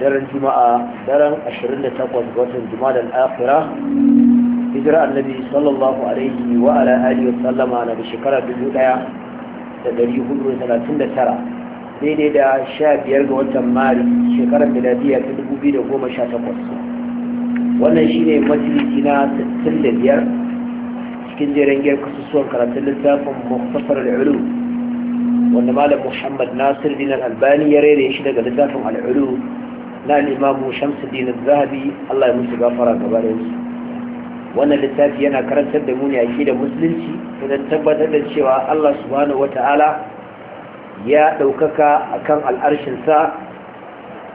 daren juma'a daren 28 ga watan juma'a akhira hijira annabi sallallahu alaihi wa ala alihi wa sallama na da shekara 1439 daidai da 15 ga watan mari shekarar miladiya ta 2018 wannan shi ne majalisi na 65 cikin jerin gyar kasusuwan karatun littafin muktasar al'ulu wanda malam muhammad nasir bin al-albani ya rere shi daga littafin al'ulu na limamu dinin zahabi Allah ya musu gafara gaba da wannan littafi yana karantar da muni a ake da musulunci don tabbatar da cewa Allah subhanahu wata'ala ya ɗaukaka akan al'arshinsa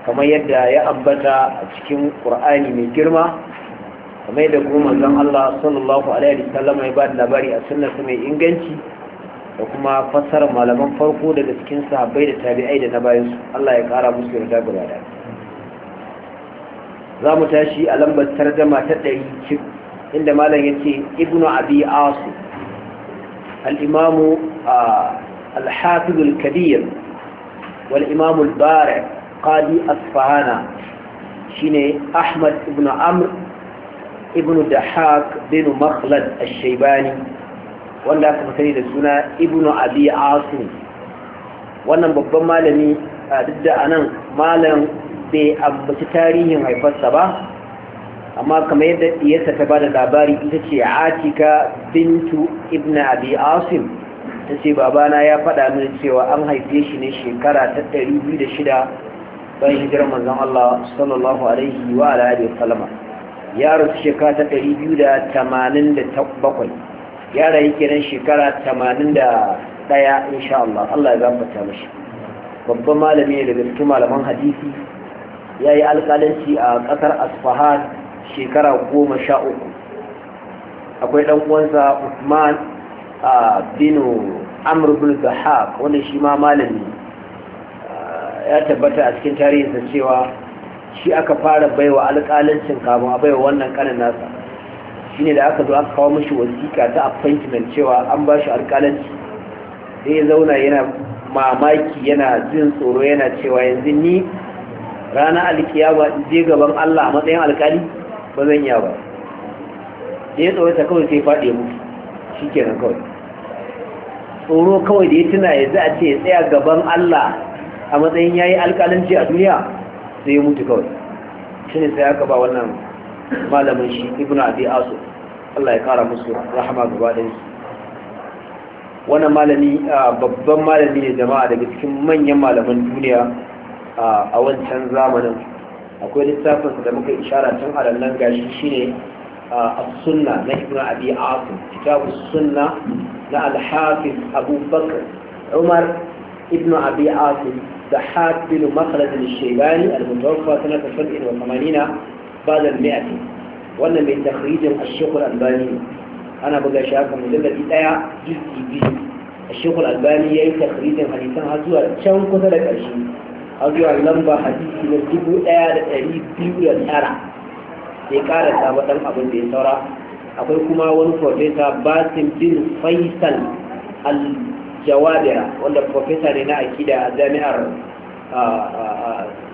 kamar yadda ya ambata a cikin ƙur'ani mai girma kamar yadda kuma manzon Allah sallallahu alaihi wasallam ya ba da labari a sunnarsa mai inganci da kuma fassarar malaman farko daga cikin sahabbai da tabi'ai da na bayansu Allah ya kara musu yarda gaba da za mu tashi a lambar tarjama ta ɗari cik inda malam ya ce ibnu abi asu al'imamu alhafizul kabir والإمام asfahana shine أصفهانا شيني أحمد بن عمرو ابن دحاك بن مخلد الشيباني wanda aka sani da suna ibnu abi asu wannan babban malami a duk da anan malam bai ambaci tarihin haifarsa ba amma kamar yadda diyarsa ta ba da labari ita ce atika bintu ibn abi asim ta ce babana ya faɗa mini cewa an haife shi ne shekara ta 206 bayan hijirar manzon Allah sallallahu alaihi wa alihi wasallama ya rasu shekara ta 287 yara yake nan shekara 81 insha Allah Allah ya gafarta mishi babban malami ne daga cikin malaman hadisi ya yi alƙalanci a ƙasar asfahan shekara goma sha uku akwai ɗan uwansa usman a binu bin zahab wanda shi ma malami ya tabbata a cikin tarihinsa cewa shi aka fara baiwa alƙalancin kafin a baiwa wannan ƙanan nasa shine da aka zo aka kawo mashi wasiƙa ta appointment cewa an ba shi alƙalanci sai ya zauna yana mamaki yana jin tsoro yana cewa yanzu ni rana alkiyawa in je gaban Allah a matsayin alkali ba zan yi ba da ya ta kawai sai faɗi mutu shi kenan kawai tsoro kawai da ya tuna ya za a ce ya tsaya gaban Allah a matsayin ya yi alkalanci a duniya sai ya mutu kawai shi ne sai aka ba wannan malamin shi ibn abi asu Allah ya kara musu rahama gaba da su wannan malami ah, babban malami ne jama'a daga cikin manyan malaman duniya a wancan zamanin akwai littafin da muka ishara tun a nan gashi shine a sunna na ibn abi asim kitabu sunna na al abubakar umar ibn abi asim da hafin makarar da shebani al-mutawaffa sanar da sun inu ba da mai wannan mai tafrijin a shekul albani ana buga shi mu dinga ɗaya jirgi biyu a shekul albani ya yi tafrijin halittar har zuwa can kusa da ƙarshe har zuwa lamba hadisi na dubu ɗaya da ɗari biyu da tara sai ƙara samu ɗan abin da ya saura akwai kuma wani profesa basin bin faisal aljawabira wanda profesa ne na akida a jami'ar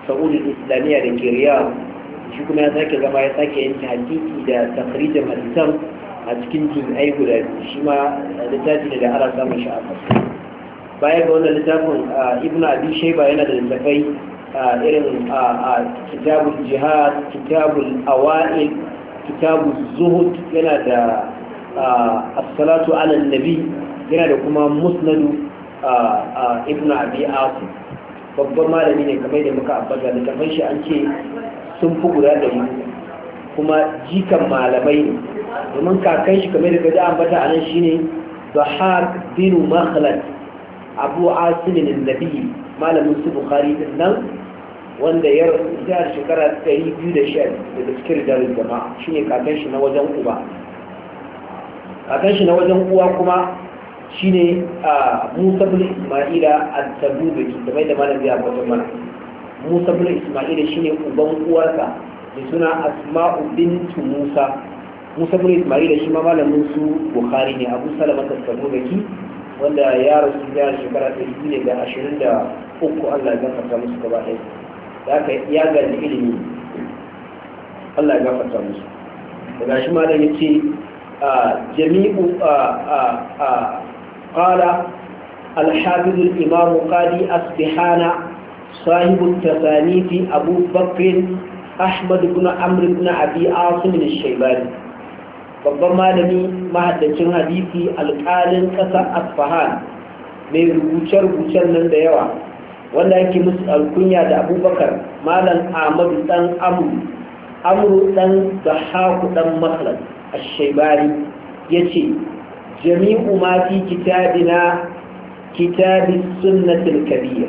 saudi islamiyya da ke riyar shi kuma ya sake zama ya sake yanke hakiki da tafrijin hadisan a cikin juz'ai guda shi ma littafi ne da ara samun shi a baya ga wannan littafin ibn abi shaiba yana da littafai irin kitabul jihad kitabul awa'il kitabul zuhud yana da as-salatu ala nabi yana da kuma musnadu ibn abi asim babban malami ne kamar da muka ambata littafin shi an ce sun fi guda ɗari kuma jikan malamai ne domin kakan shi kamar da gaji ambata a nan shine bahar binu makhlad abu asinin nabi malamin su bukari din nan wanda ya a shekara 210 daga cikin rijalar jama'a shi ne kakan shi na wajen uba kakan shi na wajen uwa kuma shi ne a musa bin ismaila a tabubi da mai da malamin ya wajen mana musa bin ismaila shi ne uban uwarsa da suna asma'u bintu musa musa bin ismaila shi ma malamin su bukari ne abu salama ta tabubi wanda ya rasu ya shekara ta ne da ashirin da uku Allah ya musu gaba ɗaya da aka ya gaji ilimi Allah ya fata musu daga shi ma da ya ce jami'u qala الحافظ Imamu, قاضي Asbihana, صاحب التصانيف أبو بكر أحمد بن عمرو بن أبي babban malami mahaddacin hadisi alƙalin ƙasar asfahan mai rubuce-rubucen nan da yawa wanda yake musu alkunya da abubakar malam ahmadu ɗan amuru amuru ɗan da haku ɗan makhlad a shaibari ya ce jami'u ma fi kitabina kitabi sunnatul kabiya,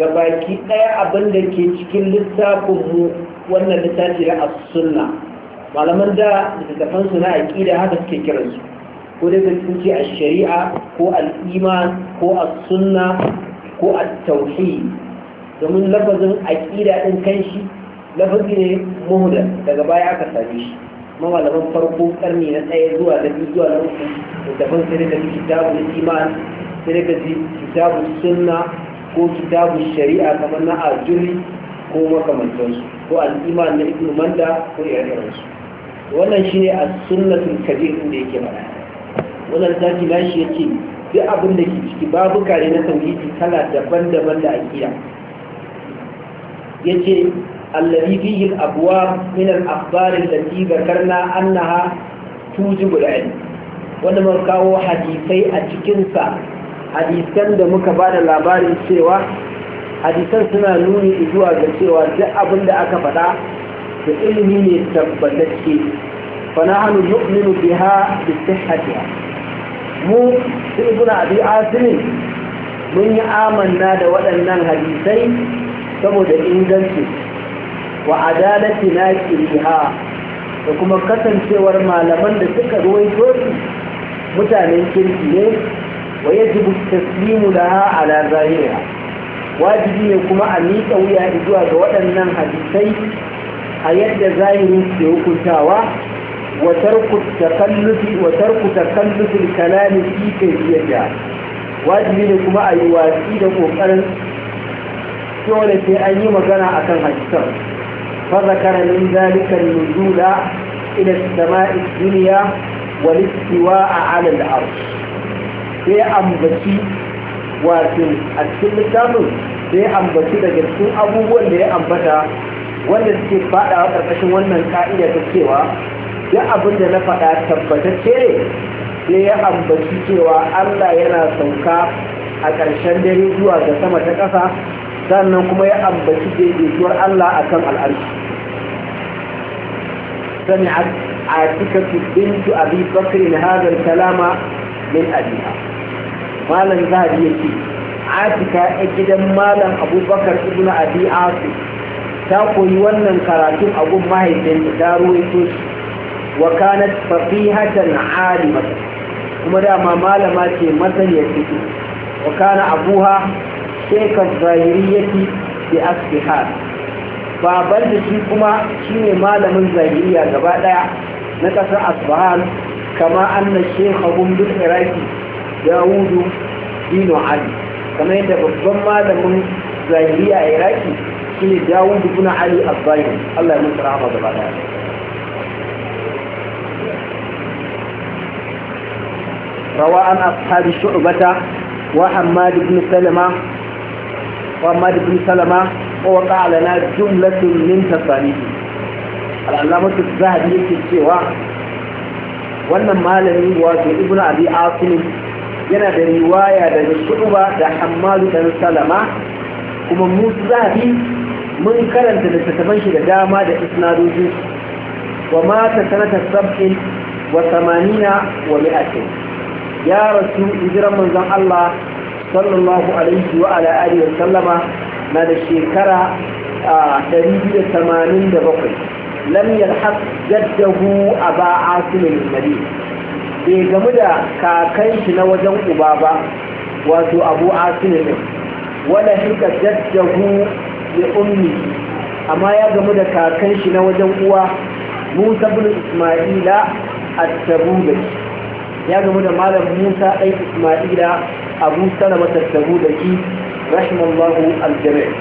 ga baki ɗaya abin da ke cikin littafinmu wannan littafi na a sunna malaman da littattafan su na aƙida haka suke kiransu ko dai sun a shari'a ko al'iman ko a sunna ko a tauhi domin lafazin aƙida ɗin kanshi lafazi ne muhda daga baya aka same shi kuma malaman farko karni na ɗaya zuwa na biyu zuwa na uku littattafan sai daga kitabun iman sai daga kitabun sunna ko kitabun shari'a kamar na ajuri ko makamantansu ko al'iman na ibnu manda ko ire-irensu wannan shi ne a sunnatul kabirin da yake mana wannan zaki nashi ya ce duk abin da ke ciki babuka ne na tauhidi kala daban-daban da aƙida ya ce allazi fihi abuwa abwab min al-akhbar allati dhakarna annaha tujibu al-ilm wanda mun kawo hadisai a cikin sa hadisan da muka bada labarin cewa hadisan suna nuni zuwa ga cewa duk abin da aka faɗa da ilimi ne tabbatacce yu'minu biha بها بصحتها mu su guna abi asirin? mun yi amanna da waɗannan hadisai saboda inganci wa adalati na kiriha da kuma kasancewar malaman da suka ruwaito su mutanen kirki ne wa yajibu taslimu laha ala zahiriha wajibi ne kuma a miƙa wuya zuwa ga waɗannan hadisai a yadda zahirin ke hukuntawa wa tarku takallufi wa tarku takallufin kalami fi kaifiyata wajibi ne kuma a yi watsi da kokarin dole sai an yi magana akan hadisan fa zakara min zalika nuzula ila sama'i dunya wal istiwa'a 'ala al sai ambaci wato a cikin littafin sai ambaci daga cikin abubuwan da ya ambata wanda suke faɗawa ƙarƙashin wannan ka'ida ta cewa duk abin da na faɗa tabbatacce ne ya ambaci cewa Allah yana sauka a ƙarshen dare zuwa ga sama ta ƙasa sannan kuma ya ambaci daidaituwar Allah a akan al'arshi sami'at atikatu bintu abi bakr na al-kalama min abiha malam zahabi ya atika a gidan malam abubakar ibn abi asim ta koyi wannan karatun a gun mahaifinta ruwaito shi wa kanat faqihatan alimatan kuma dama malama ce masaniya fiki wa kana abuha shekar zahiriyyati bi asbihar baban da shi kuma shine malamin zahiriya gaba daya na kasar asbahan kama anna shekhahum bil iraki dawudu dino ali kamar yadda babban malamin zahiriya iraki shine Dawud ibn Ali az-Zahiri Allah ya mutu rahama gaba daya روى عن أصحاب شعبة وحماد بن سلمة وحماد بن سلمة ووقع لنا جملة من تصانيفه العلامة الذهبي في السواه wannan malami wato ibn abi asim yana da riwaya daga shu'ba da hammadu dan salama kuma musahi mun karanta littattafan shi da dama da isnadojin wa mata sanata sab'in wa samanina wa mi'atin ya rasu hijiran manzon Allah sallallahu alaihi wa ala alihi wa sallama na da shekara 287 lam yalhaq jaddahu aba asim al-nabi bai gamu da kakan shi na wajen uba ba wato abu asim wala hika jaddahu ya ummi amma ya gamu da kakan na wajen uwa musa bin ismaila a tabubai ya gamu da malam musa ɗan ismaila abu salama ta tabubai rahimallahu aljami'a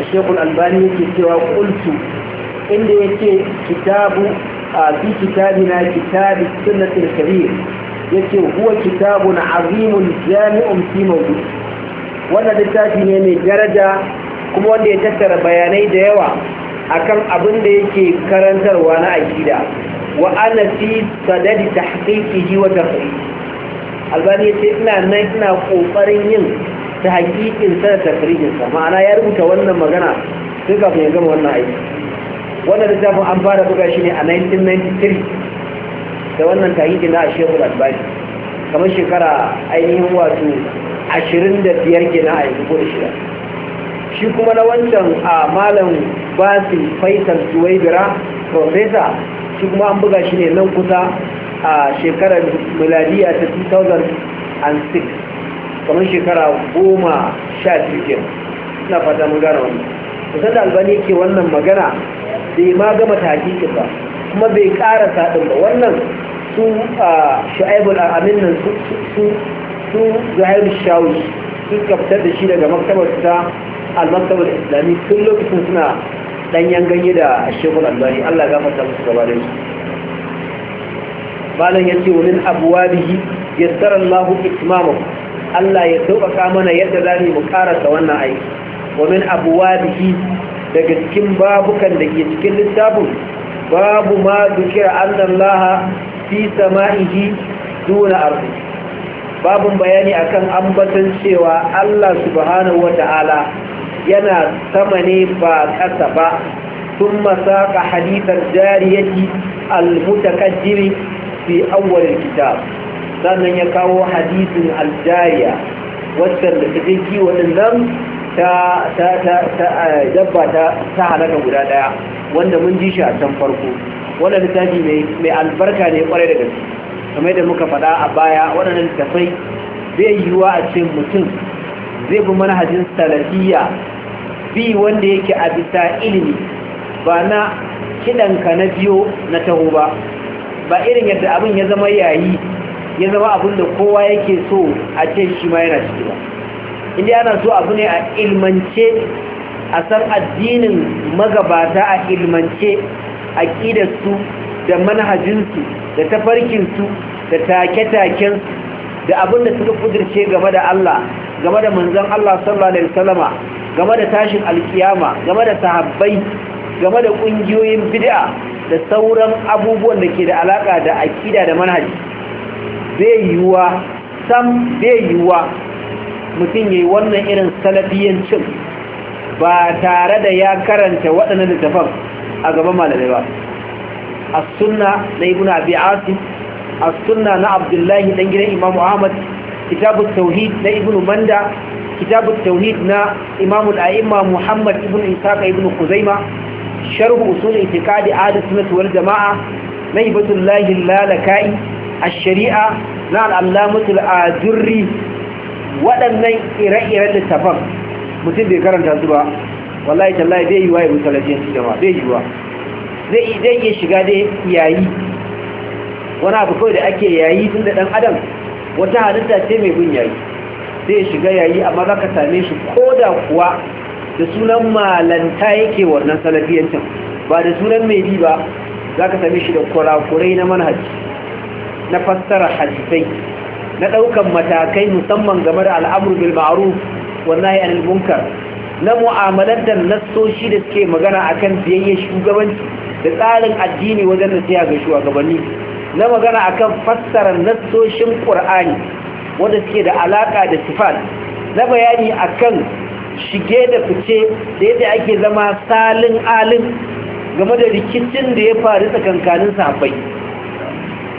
a shekul albani yake cewa kultu inda ya ce kitabu a kitabi na kitabi sunnatin kabir ya ce huwa kitabu na azimun jami'un wannan littafi ne mai daraja kuma wanda ya tattara bayanai da yawa akan abin da yake karantarwa na akida wa ana fi sadadi tahqiqihi wa tafsiri albani yace ina nan ina kokarin yin ta sa da tafsirin sa ma'ana ya rubuta wannan magana sai kafin ya gama wannan aiki wannan littafin an fara buga shi ne a 1993 da wannan tahqiqi na Sheikh Al-Albani kamar shekara ainihin wato ashirin da biyar kenan a yanzu ko da shida shi kuma na wancan a malam basi faisal suwaibira profesa shi kuma an buga shi ne nan kusa a shekarar miladiya ta 2006 kamar shekara goma sha cikin, kenan suna fata mun gane wannan kusan da albani ke wannan magana bai ma gama takikin ba kuma bai karasa ɗin ba wannan su shu'aibul amin nan su zahir shawi su kaftar da shi daga maktabar ta al-maktabar islami tun lokacin suna danyen ganye da shekul albani allah ta musu gaba da yi malam ya ce wani abuwa bihi ya tsarar lahu itmamu allah ya sauƙaƙa mana yadda za mu ƙarasa wannan aiki wani abuwa bihi daga cikin babukan da ke cikin littafin babu ma dukira annan laha fi sama'ihi duna ardi babun bayani akan ambatan cewa Allah subhanahu wata'ala yana sama ne ba ƙasa ba tun masaka hadithar jariyati al mutakajjiri fi awwal kitab sannan ya kawo hadisin al-jariya wacce da take kiwo din dabba ta halaka guda daya wanda mun ji shi a can farko wannan littafi mai albarka ne kwarai da gaske kamar da muka faɗa a baya waɗannan littafai zai yiwuwa a ce mutum zai bi manhajin salafiya bi wanda yake a bisa ilimi ba na kiɗanka na biyo na taho ba ba irin yadda abin ya zama yayi ya zama abin da kowa yake so a ce shi ma yana ciki ba inda ana so abu ne a ilmance a san addinin magabata a ilmance a ƙidarsu da manhajinsu da tafarkinsu da take-takensu da abin da suka kudirce game da Allah game da manzon Allah sallallahu alaihi wasallama game da tashin alkiyama game da sahabbai game da ƙungiyoyin bid'a da sauran abubuwan da ke da alaƙa da aƙida da manhaji zai yiwuwa sam zai yiwuwa mutum ya yi wannan irin salafiyancin ba tare da ya karanta waɗannan littafan a gaban malamai ba a sunna na ibn abi asim a sunna na abdullahi dan gidan imam ahmad kitabu tauhid na ibn manda kitabu tauhid na imam al-a'imma muhammad ibn isaka ibn kuzaima sharh usul itiqadi ahli sunnah wal jamaa na ibatullahi lalakai shari'a na al-allamatu al-ajurri waɗannan ire-iren littafan mutum bai karanta su ba wallahi tallahi zai yi wa ya su jama zai yi wa zai iya shiga dai yayi wani abu kawai da ake yayi tun da ɗan adam wata halitta ce mai bin yayi zai shiga yayi amma za ka same shi ko da kuwa da sunan malanta yake wannan salafiyancin ba da sunan mai bi ba za ka same shi da kurakurai na manhaji na fassara hadisai na ɗaukan matakai musamman game da al'amur bil ma'ruf wannan ya na mu'amalantar nassoshi da suke magana akan biyayya shugabanci da tsarin addini wajen da siya ga shugabanni na magana akan fassara nassoshin ƙur'ani wanda suke da alaƙa da sifat na bayani akan shige da fice da yadda ake zama salin alin game da rikicin da ya faru tsakankanin sahabbai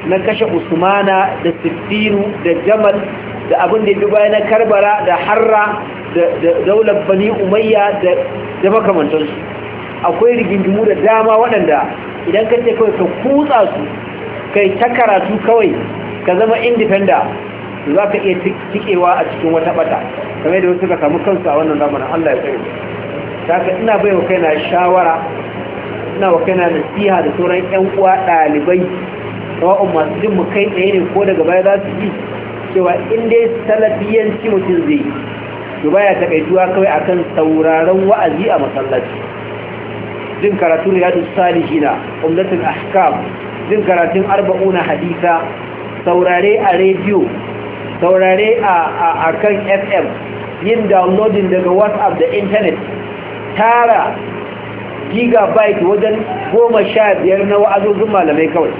na kashe usmana da sittinu da jamal da abin da duba na karbara da harra da daular bani umayya da makamantansu akwai rigingimu da dama waɗanda idan ka ce kawai ka kutsa su kai ta karatu kawai ka zama indifenda za ka iya tikewa a cikin wata bata kamar da wasu ka samu kansu a wannan zamanin allah ya tsari ta ka ina bai wa kaina shawara ina wa kaina nasiha da sauran 'yan uwa ɗalibai sawa'un masu jin mu kai tsaye ne ko daga baya za su ji cewa in dai salafiyanci mutum zai to baya takaituwa kawai akan sauraron wa'azi a masallaci jin karatun riyadu salihina umdatul ahkam jin karatun arba'una hadisa saurare a rediyo saurare a kan fm yin downloading daga whatsapp da intanet tara gigabyte wajen goma sha biyar na wa'azozin malamai kawai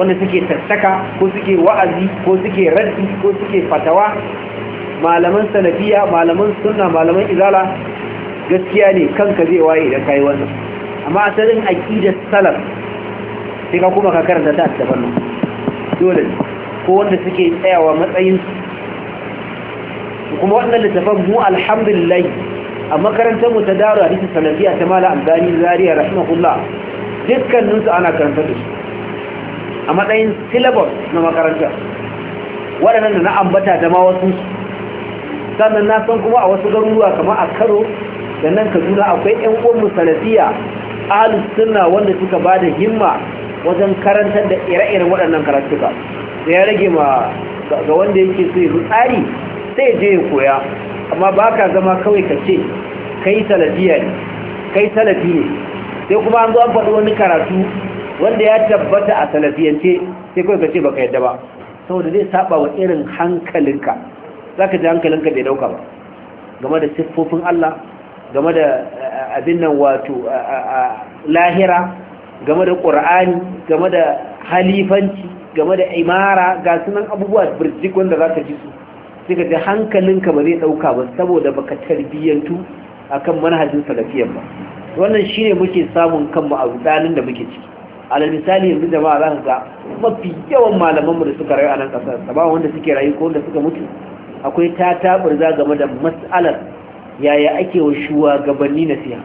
wanda suke tattaka ko suke wa'azi ko suke raddi ko suke fatawa malaman salafiya malaman sunna malaman izala gaskiya ne kanka zai waye idan kai wannan amma asalin aqidar salaf sai ka kuma ka karanta ta ta bannu dole ko wanda suke tsayawa matsayin kuma wannan littafin mu alhamdulillah a makarantar mu ta daru hadisi salafiya ta mala albani zariya rahimahullah dukkaninsu ana karanta da su a matsayin syllabus na makaranta waɗannan da na ambata dama wasu sannan na san kuma a wasu garuruwa kamar a karo da nan kaduna akwai yan uwan sanadiyya alus sunna wanda suka ba da himma wajen karantar da ire-iren waɗannan karatuka da ya rage ma ga wanda yake so ya tsari sai je ya koya amma ba ka zama kawai ka ce kai salafiya ne sai kuma an zo an faɗi wani karatu wanda ya tabbata a salafiyance sai kawai ka ce baka yadda ba saboda zai saba wa irin hankalinka za ka ji hankalinka bai dauka ba game da siffofin Allah game da eh, abin nan wato eh, eh, lahira game da ƙura'ani game da halifanci game da imara ga sunan abubuwa birjik wanda za ka ji su sai ka ji hankalinka ba zai dauka ba saboda baka tarbiyyantu akan manhajin salafiyan ba wannan shine muke samun kanmu a rudanin da muke ciki ala misali yanzu jama'a za ka ga mafi yawan malamanmu da suka rayu a nan ƙasar ba wanda suke rayu ko wanda suka mutu akwai ta taburza game da mas'alar yaya ake wa shugabanni siya.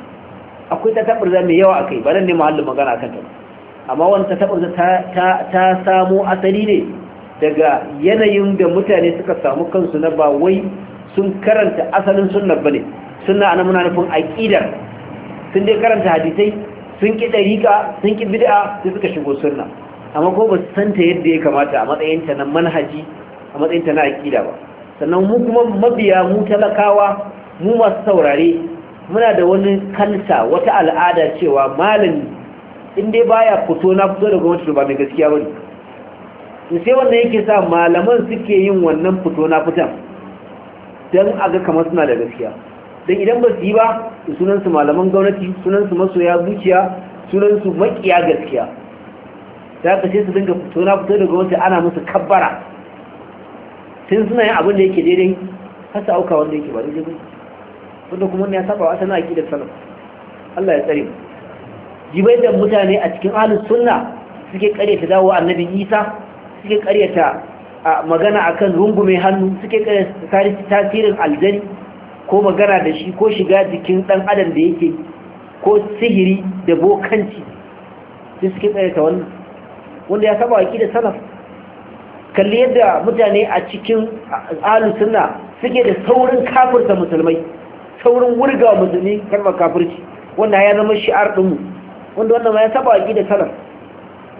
akwai ta taburza mai yawa akai ba nan ne mahallu magana akan ta amma wani ta taburza ta ta samo asali ne daga yanayin da mutane suka samu kansu na ba wai sun karanta asalin sunnar bane sunna ana muna nufin aƙidar, sun dai karanta hadisai sun ki ɗariƙa sun ki bid'a sai suka shigo sunna amma ko ba su ta yadda ya kamata a matsayin ta na manhaji a matsayin ta na aƙida ba sannan mu kuma mabiya mu talakawa mu masu saurare muna da wani kanta wata al'ada cewa malami in dai baya fito na fito da gwamnati ba mai gaskiya ba ne. In sai wannan yake sa malaman suke yin wannan fito na fitan a ga kamar suna da gaskiya don idan ba su yi ba sunansu malaman gwamnati sunansu masoya zuciya sunansu makiya gaskiya ta kashe su dinga fito na fito daga wasu, ana musu kabbara sun suna yin abin da yake daidai har su auka wanda yake ba daidai ba wanda kuma ya saba wata na aƙidar salaf Allah ya tsare mu jibai da mutane a cikin ahlus sunna suke karyata dawo annabi Isa suke karyata magana akan rungume hannu suke karyata tasirin aljani ko magana da shi ko shiga jikin dan adam da yake ko sihiri da bokanci su suke ta wannan wanda ya saba waki da salaf kalli yadda mutane a cikin suna suke da saurin kafirta musulmai saurin wurga musulmi kalmar kafirci wanda ya zama shi'ar ɗinmu wanda wannan ma ya saba waki da salaf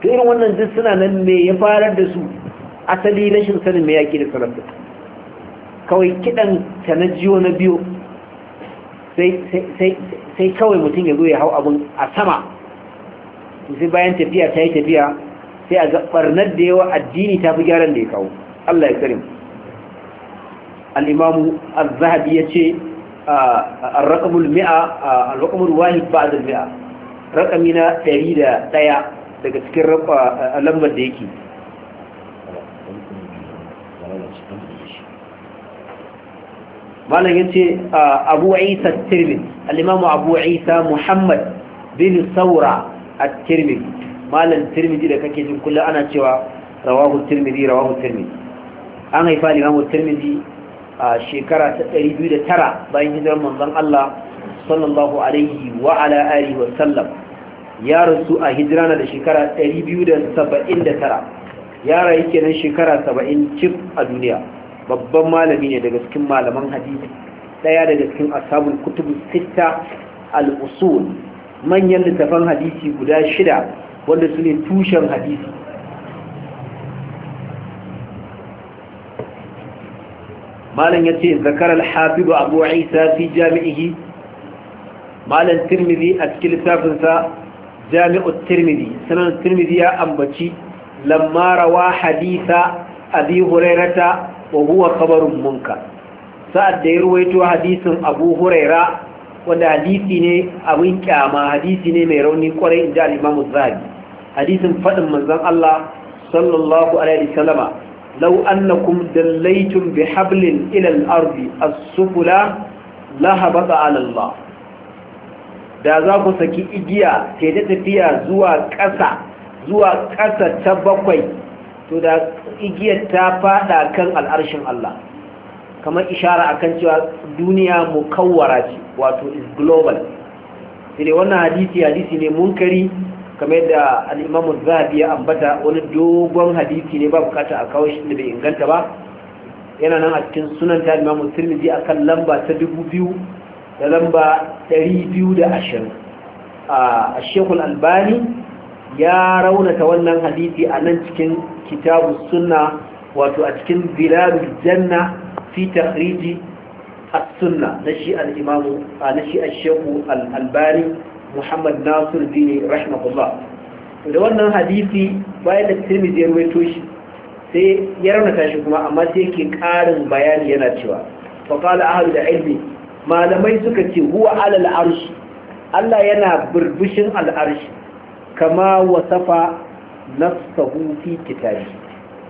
to irin wannan duk suna nan me ya farar da su asali rashin sanin me yaki da salaf kawai kiɗan ta na jiyo na biyu sai kawai mutum ya zo ya hau abin a sama sai bayan tafiya ta yi tafiya sai a barnar da yawa addini ta fi gyaran da ya kawo Allah ya karim al'imamu al-zahabi ya ce al-raƙamul mi'a al-raƙamul wahid ba'ad al-mi'a raƙami na ɗaya daga cikin lambar da yake malam yace abu isa tirmidhi al-imam abu isa muhammad bin saura at-tirmidhi malam tirmidhi da kake jin kullum ana cewa rawahu tirmidhi rawahu tirmidhi an haifa al-imam tirmidhi a shekara ta 209 bayan hijirar manzon Allah sallallahu alaihi wa ala alihi wa sallam ya rasu a hijirana da shekara 279 yara yake nan shekara 70 cif a duniya babban malami ne daga cikin malaman hadisi daya daga cikin ashabul kutub sita al-usul manyan littafan hadisi guda shida wanda su ne tushen hadisi malam ya ce zakarar hafizu abu isa fi jami'ihi malam tirmidhi a cikin littafinsa jami'ar tirmidhi sanar tirmidhi ya ambaci lamma rawa hadisa abi hurairata wa huwa khabarun munka sa'ad da ya ruwaito hadisin Abu Huraira wanda hadisi ne abin kyama hadisi ne mai rauni kwarai inda al-Imam Zahabi hadisin fadin manzon Allah sallallahu alaihi wasallama law annakum dallaytum bihablin ila al-ardi as-sufla lahabata ala Allah da za ku saki igiya ta tafiya zuwa ƙasa zuwa ƙasa ta bakwai to da igiyar ta fada kan al'arshin Allah kamar ishara akan cewa duniya mukawwara ce wato is global sai wannan hadisi hadisi ne munkari kamar yadda al-Imam zahabi ya ambata wani dogon hadisi ne ba bukata a kawo shi da bai inganta ba yana nan a cikin sunan ta Imam Tirmidhi akan lamba ta 2000 da lamba 220 a shekul albani ya raunata wannan hadisi a nan cikin kitabu sunna wato a cikin bilalul janna fi tahriji as-sunna na shi al-imamu na shi ash-shaykhu al-albani Muhammad Nasir Dini rahimahullah da wannan hadisi bayan da Tirmidhi ya rawaito shi sai ya raunata shi kuma amma sai yake karin bayani yana cewa fa qala ahlu ilmi malamai suka ce huwa alal arsh Allah yana burbushin al-arsh kama wasafa nafsahu fi kitabi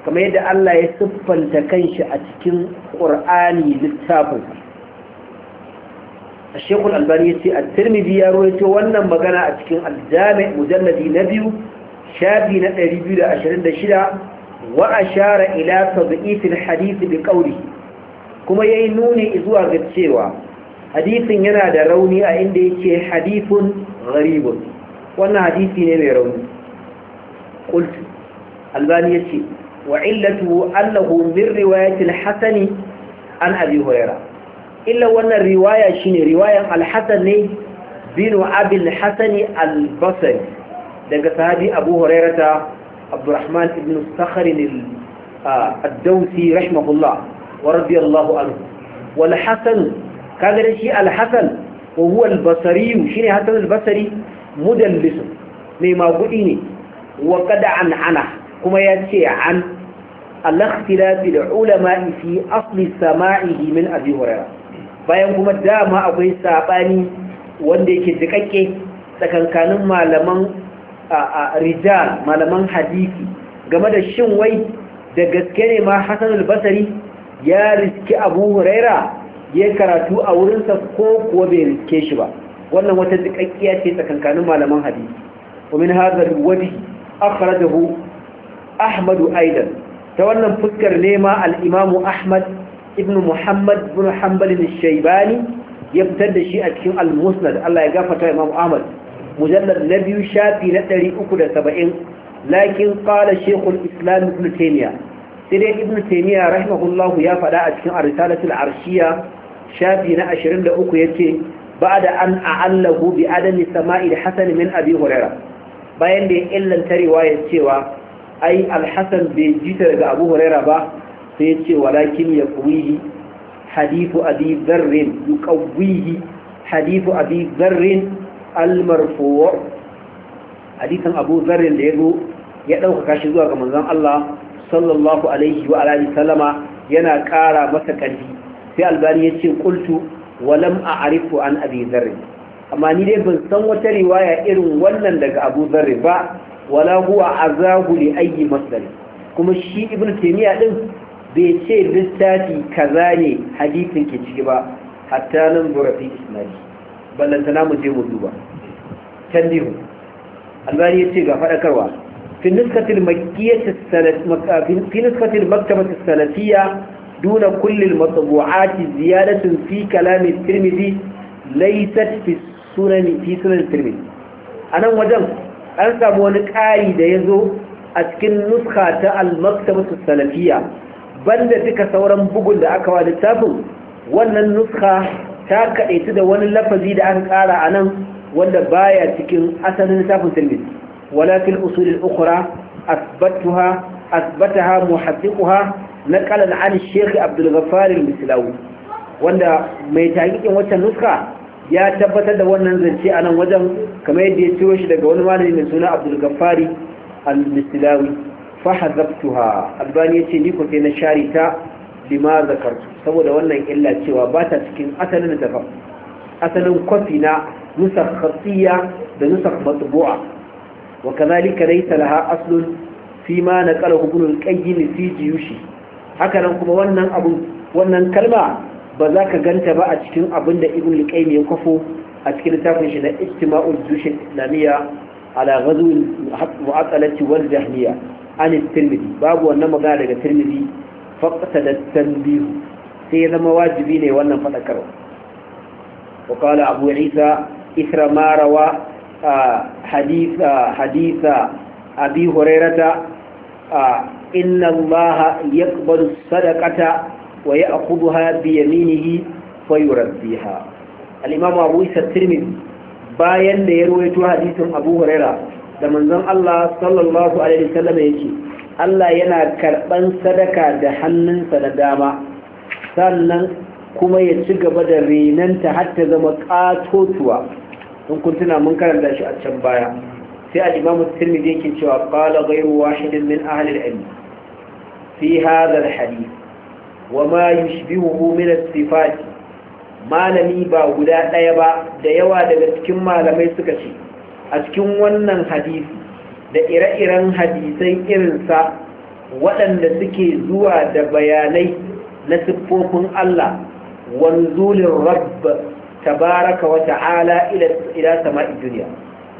kama yadda Allah ya siffanta kanshi a cikin Qur'ani littafin Sheikh Al-Albani yace At-Tirmidhi ya rawaito wannan magana a cikin Al-Jami' mujalladi na biyu shafi na 226 wa ashara ila tad'if al-hadith bi qawlihi kuma yayi nuni zuwa ga cewa hadisin yana da rauni a inda yake hadithun gharibun wannan hadisi ne mai rauni qultu albani yace wa illatuhu annahu min riwayati al-hasani an abi hurairah illa wannan riwaya shine riwayan al-hasan ne bin abi al-hasan al-basri daga sahabi abu hurairah abdurrahman ibn sakhr al-dawsi rahimahullah wa radiyallahu anhu wal hasan kaga shi al-hasan وهو البصري شنو al البصري mudallisu mai magudi ne wa kada an ana kuma ya ce an alakhtilafi da ulama fi asli sama'ihi min abi hurairah bayan kuma dama akwai sabani wanda yake jikakke tsakankanin malaman rijal malaman hadisi game da shin wai da gaske ne ma hasan al-Basri ya riski Abu Huraira ya karatu a wurinsa ko kuwa bai riske shi ba wannan wata zikakkiya ce tsakankanin malaman hadisi wa min hadha alwajh akhrajahu ahmad aidan ta wannan fuskar nema al-imam ahmad ibn muhammad ibn hanbal shaybani ya fitar da shi a cikin al-musnad Allah ya gafarta imam ahmad mujallad na biyu shafi na 370 lakin qala shaykhul islam ibn taymiya sai dai ibn taymiya rahimahullahu ya faɗa a cikin ar-risalatul arshiyya shafi na ashirin da uku yace ba'da an a'allahu gobe adami sama'i al-hasan min abi hurairah bayan da ya illanta riwayar cewa ai alhasan bai jita daga abu hurairah ba sai ya ce walakin ya kuwihi hadithu abi dharrin yuqawwihi hadithu abi dharrin al-marfu' da yazo ya dauka shi zuwa ga manzon Allah sallallahu alaihi yana ƙara masa ƙarfi sai albani ya ce kultu walam a arifu an abi zarri amma ni dai ban san wata riwaya irin wannan daga abu zarri ba wala huwa azahu li ayyi masdari kuma shi ibnu taymiya din bai ce littafi kaza ne hadisin ke ciki ba hatta nan burafi isnadi ballantana mu je mu duba tanbihu albani yace ga fadakarwa في النسخة المكية السلف... في نسخة المكتبة السلفية دون كل المطبوعات زيادة في كلام الترمذي ليست في السنن في سنن الترمذي أنا وجم أنت مونك آي ديزو أتكن نسخة المكتبة السلفية بند تك ثورا بقول لأك والتاب وأن النسخة تاك إتدى وأن اللفظي دعك قال أنا وأن باية تكن أسن نساب الترمذي ولا في الأصول الأخرى أثبتها أثبتها محققها naqalan an Sheikh Abdul Ghaffar mislawi wanda mai taqiqin watan nuska ya tabbatar da wannan zance a nan wajen kama yadda ya ciro shi daga wani malami mai suna Abdul Ghaffar al-Mislawi albani ya ce ni ko na share ta lima zakartu saboda wannan illa cewa ba ta cikin asalin da asalin kwafi na nusar khatiya da nusar matbu'a wa kadhalika laysa laha aslun fima naqalahu ibn al-qayyim fi jiyushi hakanan kuma wannan abu wannan kalma ba za ka ganta ba a cikin abin da ibn liqaym ya kwafo a cikin littafin shi na ijtima'ul jushin islamiyya ala ghazwil mu'attalati wal jahmiya an tirmidhi babu wannan magana daga tirmidhi faqta da tanbihu sai ya zama wajibi ne wannan fadakar wa qala abu isa isra ma rawa ah, haditha ah, ah, abi hurairata inna allaha yaqbalu sadaqata wa ya'khudha bi yaminihi fa yurabbiha al bayan da ya rawaito hadisin abu huraira da manzon Allah sallallahu alaihi wasallam yake Allah yana karban sadaka da hannunsa na dama sannan kuma ya ci gaba da renanta har ta zama katotuwa in kun tuna mun karanta shi a can baya sai al-Imam Tirmidhi yake cewa qala ghayru wahidin min ahli al-ilm في هذا الحديث وما يشبهه من الصفات malami ba guda ɗaya ba da yawa daga cikin malamai suka ce a cikin wannan hadisi da ire-iren hadisai irinsa waɗanda suke zuwa da bayanai na siffofin Allah wanzulin rabb tabaraka wa ta'ala ila sama'i duniya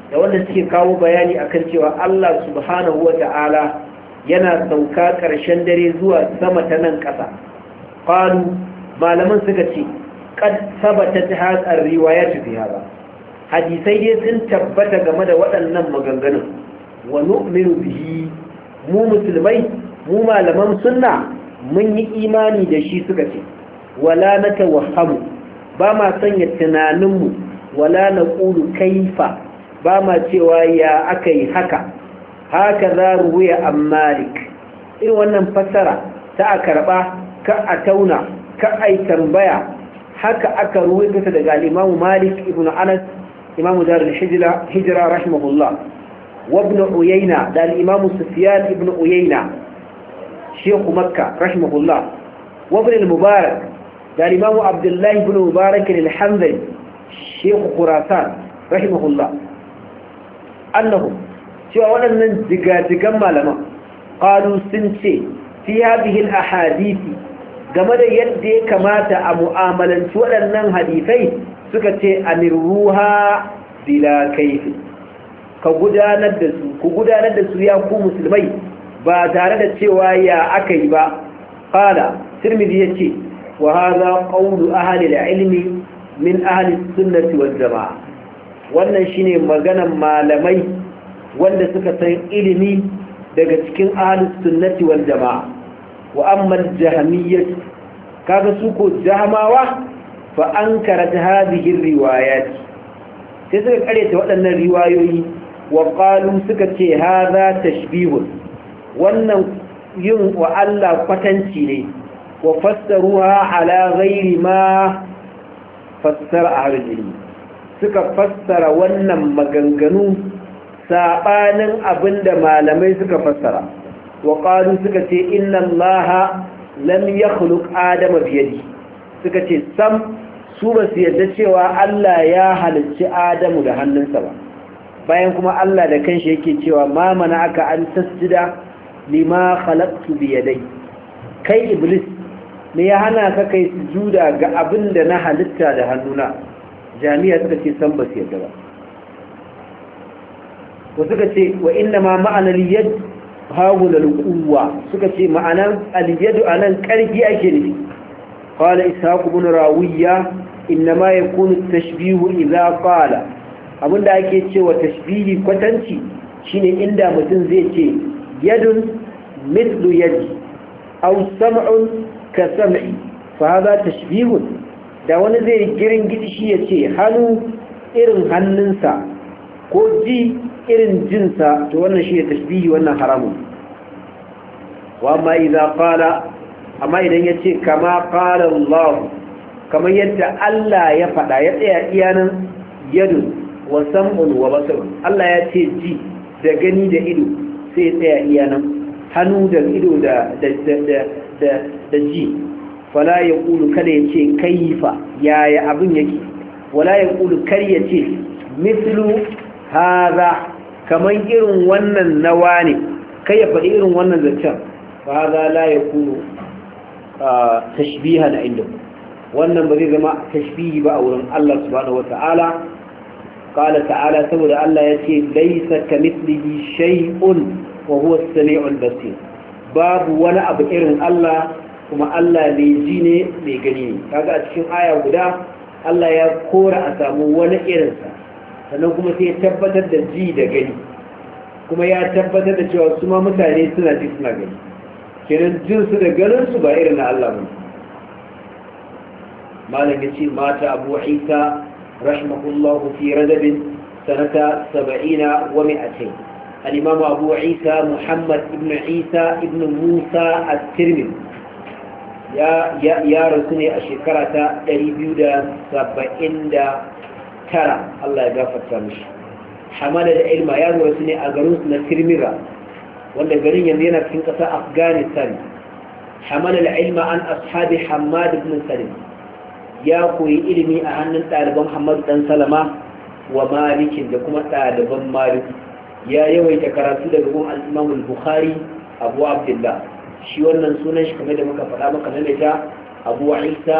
da wanda suke kawo bayani akan cewa Allah subhanahu wa ta'ala yana sauka ƙarshen dare zuwa sama ta nan ƙasa ƙalu malaman suka ce sabata ta hatsar riwaya ta fiya ba hadisai dai sun tabbata game da waɗannan maganganun wa nu'minu bihi mu musulmai mu malaman sunna mun yi imani da shi suka ce wala na tawahhamu ba ma sanya tunaninmu wala na ƙulu kaifa ba ma cewa ya aka yi haka haka za ruwaya an malik in wannan fassara ta a karɓa ka a tauna ka a yi tambaya haka aka ruwaya kasa daga al'imamu malik ibn anas imamu darul hijira rahimahullah wa ibn uyayna da al'imamu sufiyan ibn uyayna shehu makka rahimahullah wa ibn mubarak da al'imamu abdullahi ibn mubarak al shehu khurasan rahimahullah annahum cewa waɗannan jigajigan malaman ƙalu sun ce fi hadihin a hadisi game da yadda ya kamata a mu'amalanci waɗannan hadisai suka ce amir ruha bila kaifi ka gudanar da su ku gudanar da su ya ku musulmai ba tare da cewa ya aka yi ba fada tirmidhi ya ce wa haza qawlu ahli al-ilmi min ahli sunnati wal jamaa wannan shine maganan malamai wanda suka san ilimi daga cikin ahlus sunnati wal jama'a wa amma jahmiyyah kaga su ko jahmawa fa ankarat hadhihi riwayat sai suka kareta waɗannan riwayoyi wa qalu suka ce hadha tashbihun wannan yin wa Allah kwatanci ne wa fassaruha ala ghairi ma fassara ahlul ilmi suka fassara wannan maganganu saɓanin abinda malamai suka fassara wa ƙalu suka ce inna allaha lam ya huluk adama biyadi suka ce sam su ba su yadda cewa allah ya halicci adamu da hannunsa ba bayan kuma allah da kanshi yake cewa ma mana aka an tasjida lima khalaqtu dai" kai iblis me ya hana ka kai sujuda ga abinda na halitta da hannuna jami'a suka ce san ba su yadda ba to suka ce wa inna ma ma'anar yad haguna al'uwa suka ce ma'anan aliyadu a nan ƙarfi ake nufi قال إسحاق بن ya إنما يكون التشبيه إذا قال abin da ake cewa tashbihi kwatanci shine inda mutum zai ce yadun mithlu yadi au sam'un ka sam'i fa tashbihun da wani zai girin gidi shi ya ce hannu irin hannunsa ko ji irin jinsa to wannan shi ne tashbihi wannan haramun wa amma idza qala amma idan yace kama qala Allah kamar yadda Allah ya faɗa ya tsaya iyanan yadu wa sam'un wa basar Allah ya ce ji da gani da ido sai tsaya iyanan hannu da ido da da da da ji fala ya kulu kada ya ce kaifa yaya abin yake wala ya kulu kar ya ce mislu haza kaman irin wannan nawa ne kai ya faɗi irin wannan zancen fa haza la ya kuno tashbiha na inda wannan ba zai zama tashbihi ba a wurin Allah subhanahu wata'ala ta'ala saboda Allah ya ce laisa kamithlihi shay'un wa huwa as-sami'ul basir babu wani abu irin Allah kuma Allah mai ji ne mai gani ne kaga a cikin aya guda Allah ya kora a samu wani irinsa sannan kuma sai ya tabbatar da ji da gani kuma ya tabbatar da cewa su ma mutane suna ji suna gani kenan jin su da ganin su ba irin na Allah ba malam ya ce mata abu isa rahimahullahu fi sanata saba'ina wa mi'atai al-imam abu isa muhammad ibn isa ibn musa at-tirmidhi ya ya rasu ne a shekara ta 270 tara Allah ya gafarta mishi hamada da ilma ya ruwa su ne a garin su na tirmira wanda garin yanzu yana cikin ƙasar afghanistan hamada da ilma an ashabi hamad ibn salim ya koyi ilimi a hannun ɗaliban hamad dan salama wa malikin da kuma ɗaliban malik ya yawaita karatu daga gun al'imamul bukhari abu abdullah shi wannan sunan shi kamar da muka faɗa maka na abu isa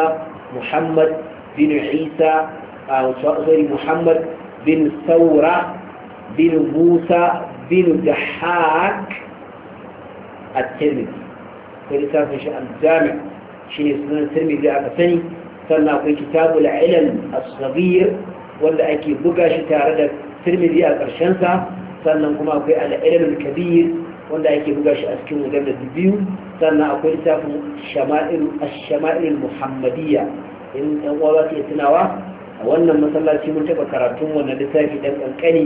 muhammad bin isa sorry muhammad bin saura bin musa bin dahak a tirmidhi kai littafin shi al-jami sunan tirmidhi aka sani sannan akwai kitabul ilal as-saghir wanda ake buga shi tare da tirmidhi a ƙarshen sa sannan akwai kabir wanda buga shi a cikin mujallar biyu sannan akwai littafin shamail muhammadiyya in ɗan uwa za su iya tunawa a wannan masallaci mun taɓa karatun wannan littafi ɗan ƙanƙani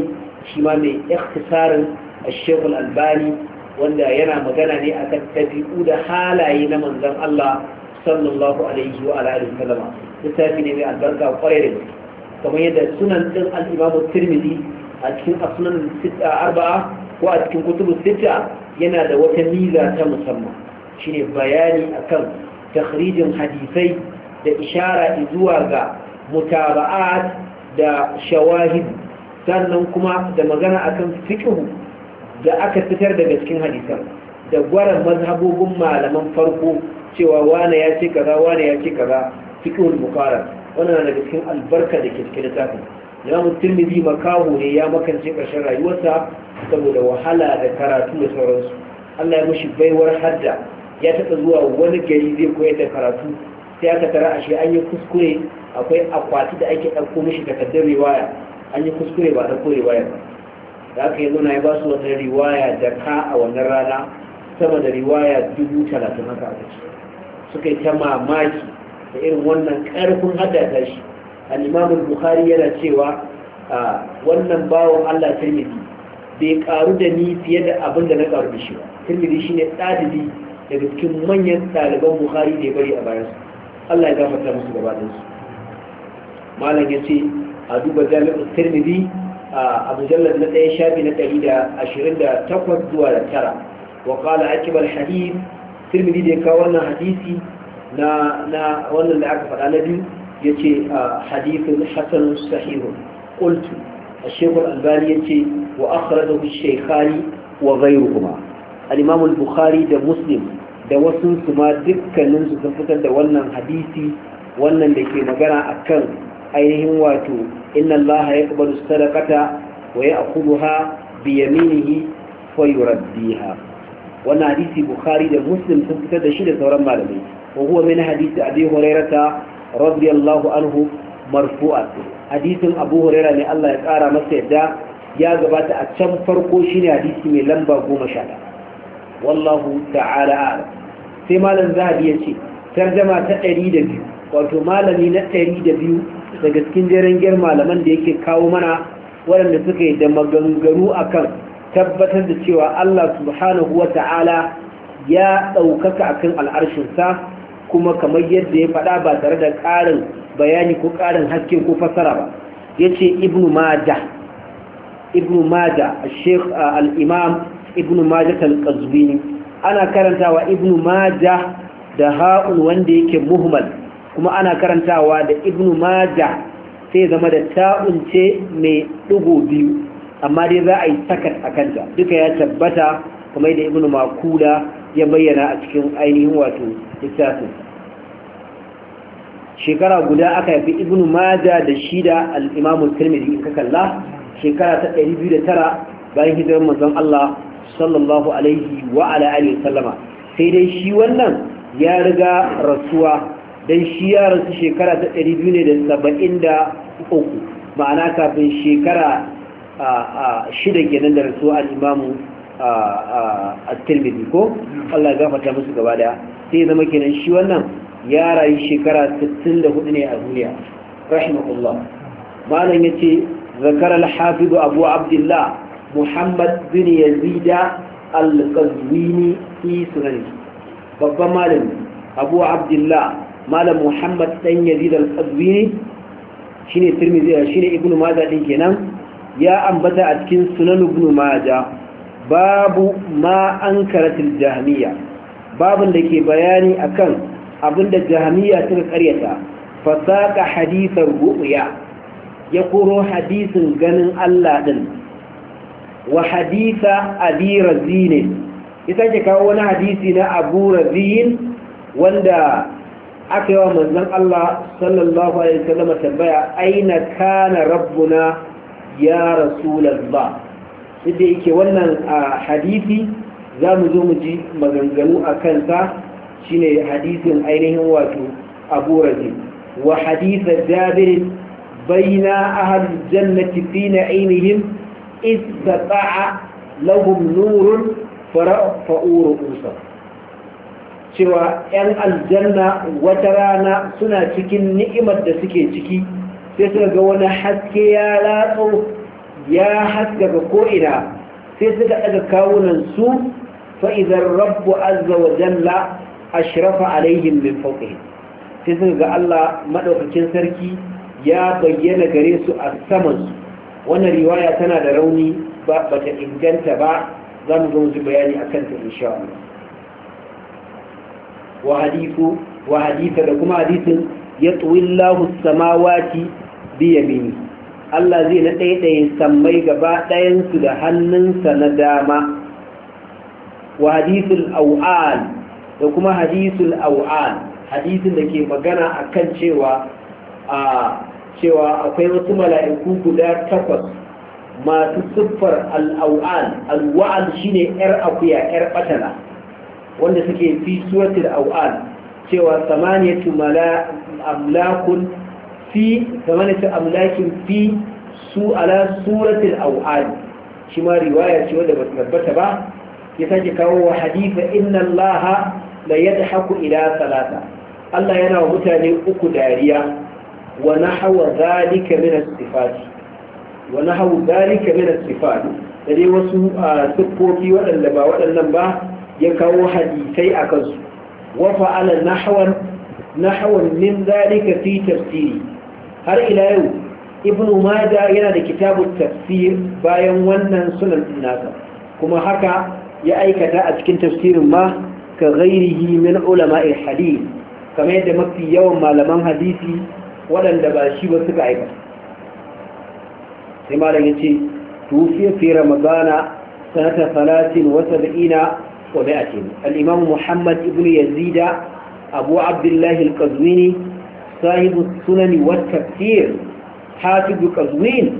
shi ma mai ikhtisarin الشيخ albani, wanda yana magana ne a kan tabi'u da halaye na manzon Allah sallallahu alaihi wa alihi sallama littafi ne mai albarka kwarai da gaske kamar yadda sunan din al-Imam Tirmidhi a cikin sunan arba'a ko a cikin kutubu sita yana da wata miza ta musamman shine bayani akan takhrijin hadisai da ishara zuwa ga mutaba'at da shawahid sannan kuma da magana akan fiqhu da aka fitar daga cikin hadisan da gwaran mazhabobin malaman farko cewa wane ya ce kaza wane ya ce kaza fiqhul bukhari wannan daga cikin albarka da ke cikin littafin Imam Tirmidhi makaho ne ya makance karshen rayuwarsa saboda wahala da karatu da sauransu Allah ya mishi baiwar hadda ya taɓa zuwa wani gari zai koyar da karatu sai aka tara ashe an yi kuskure akwai akwati da ake ɗauko mishi takardar riwaya an yi kuskure ba ɗauko riwaya ba da aka yi zuna ya ba su wannan riwaya da ka a wannan rana sama da riwaya dubu talatin haka a ciki suka yi ta mamaki da irin wannan ƙarfin haddata shi al'imamun bukhari yana cewa wannan bawo allah tirmidhi bai karu da ni fiye da abin da na karu da shi ba tirmidhi shine ɗalibi daga cikin manyan ɗaliban bukhari da ya bari a bayansa Allah ya gafarta musu gaba da su malam ya ce a duba jami'ar tirmidhi a mujallar na ɗaya shafi na ɗari da ashirin da takwas zuwa da tara wa kala akibar hadith tirmidhi da ya kawo wannan hadisi na na wannan da aka faɗa na biyu ya ce hadithun hasan sahihun qultu الشيخ الألباني وأخرجه الشيخان وغيرهما الإمام Bukhari da muslim da wasu su ma dukkaninsu sun fitar da wannan hadisi wannan da ke magana akan ainihin wato inna Allah ya kubalu sadaqata wa ya akubuha bi yaminihi fa yurabbiha wannan hadisi bukhari da muslim sun fitar da shi da sauran malamai wa huwa min hadisi abi hurairata radiyallahu anhu marfu'a hadisin abu huraira ne Allah ya kara masa yadda ya gabata a can farko shine hadisi mai lamba goma sha ɗaya wallahu ta'ala a'lam sai malam zahabi ya ce tarjama ta ɗari wato malami na ɗari da daga cikin jeren gyar malaman da yake kawo mana waɗanda suka yi da maganganu akan tabbatar da cewa Allah subhanahu wa ta'ala ya ɗaukaka akan al'arshinsa kuma kamar yadda ya faɗa ba tare da ƙarin bayani ko ƙarin haske ko fasara ba ya ce ibnu maja ibnu maja uh, al-imam ibnu maja ana karantawa ibnu majah da ha'un wanda yake muhmal kuma ana karantawa da ibnu majah sai zama da ta'un ce mai dugo biyu amma dai za a yi sakat a kanta duka ya tabbata kuma da ibnu makula ya bayyana a cikin ainihin wato littafin shekara guda aka yafi ibnu majah da shida al-imamu tirmidhi in ka kalla shekara ta 209 bayan hijirar manzon Allah sallallahu alaihi wa ala alihi sallama sai dai shi wannan ya riga rasuwa dan shi ya rasu shekara ta 273 ma'ana kafin shekara shida kenan da rasuwa al-imamu at-tirmidhi ko Allah ya gafarta musu gaba daya sai zama kenan shi wannan ya rayu shekara 64 ne a duniya rahimahullah malam yace zakara al-hafiz abu abdullah muhammad bin yazida al-qazwini fi sunani babban malami abu abdullah malam muhammad dan yazid al-qazwini shine tirmidhi shine ibnu majah din kenan ya ambata a cikin sunan ibnu majah babu ma ankaratil jahmiya babin da ke bayani akan abinda jahmiya suka karyata fasaka hadithar ru'ya ya koro hadisin ganin Allah din wa haditha abi razin ita ke kawo wani hadisi na abu razin wanda aka yawa manzon Allah sallallahu alaihi wasallam tambaya aina kana rabbuna ya rasulullah inda yake wannan hadisi za mu zo mu ji maganganu a kansa shine hadisin ainihin wato abu razin wa haditha jabir bayna ahli jannati fi ainihin. istata'a lahum nurun fara'u ru'usa cewa yan aljanna wata rana suna cikin ni'imar da suke ciki sai suka ga wani haske ya latso ya haskaka ko'ina sai suka daga kawunan su fa'izar rabbu azza wa jalla ashrafa alaihin min fawqihim sai suka ga Allah madaukakin sarki ya bayyana gare su a samansu. wannan riwaya tana da rauni ba ta inganta ba za mu zo musu bayani a kanta insha Allah wa hadithu haditha da kuma hadithin ya tsuwillahu samawati bi yamini Allah zai na ɗaiɗaye sammai gaba ɗayansu da hannunsa na dama wa hadithul aw'al da kuma hadithul aw'al hadithin da ke magana akan cewa a cewa akwai wasu mala'iku guda takwas masu siffar al'au'an al'wa'an shine yar akuya yar batala wanda suke fi suratul au'an cewa samaniyatu amlakun fi samaniyatu amlakin fi su ala suratul au'an shi ma riwaya ce wadda ba tabbata ba ya sake kawo wa hadisa inna allaha la yadhaku ila salata Allah yana wa mutane uku dariya wa nahwa zalika min as-sifat wa da dai wasu siffofi waɗanda ba waɗannan ba ya kawo hadisai a kansu wa fa'ala nahwan nahwan min zalika fi tafsiri har ila yau ibnu mada yana da kitabu tafsir bayan wannan sunan nasa kuma haka ya aikata a cikin tafsirin ma ka ghairihi min ulama'il hadith kamar yadda mafi yawan malaman hadisi waɗanda ba shi ba suka aika sai malam ya ce tufiya fi ramadana sanata salatin wata sab'ina wa mi'atin al-imam muhammad ibn yazida abu abdullah al-qazwini sahibu sunani wa tafsir hafiz qazwin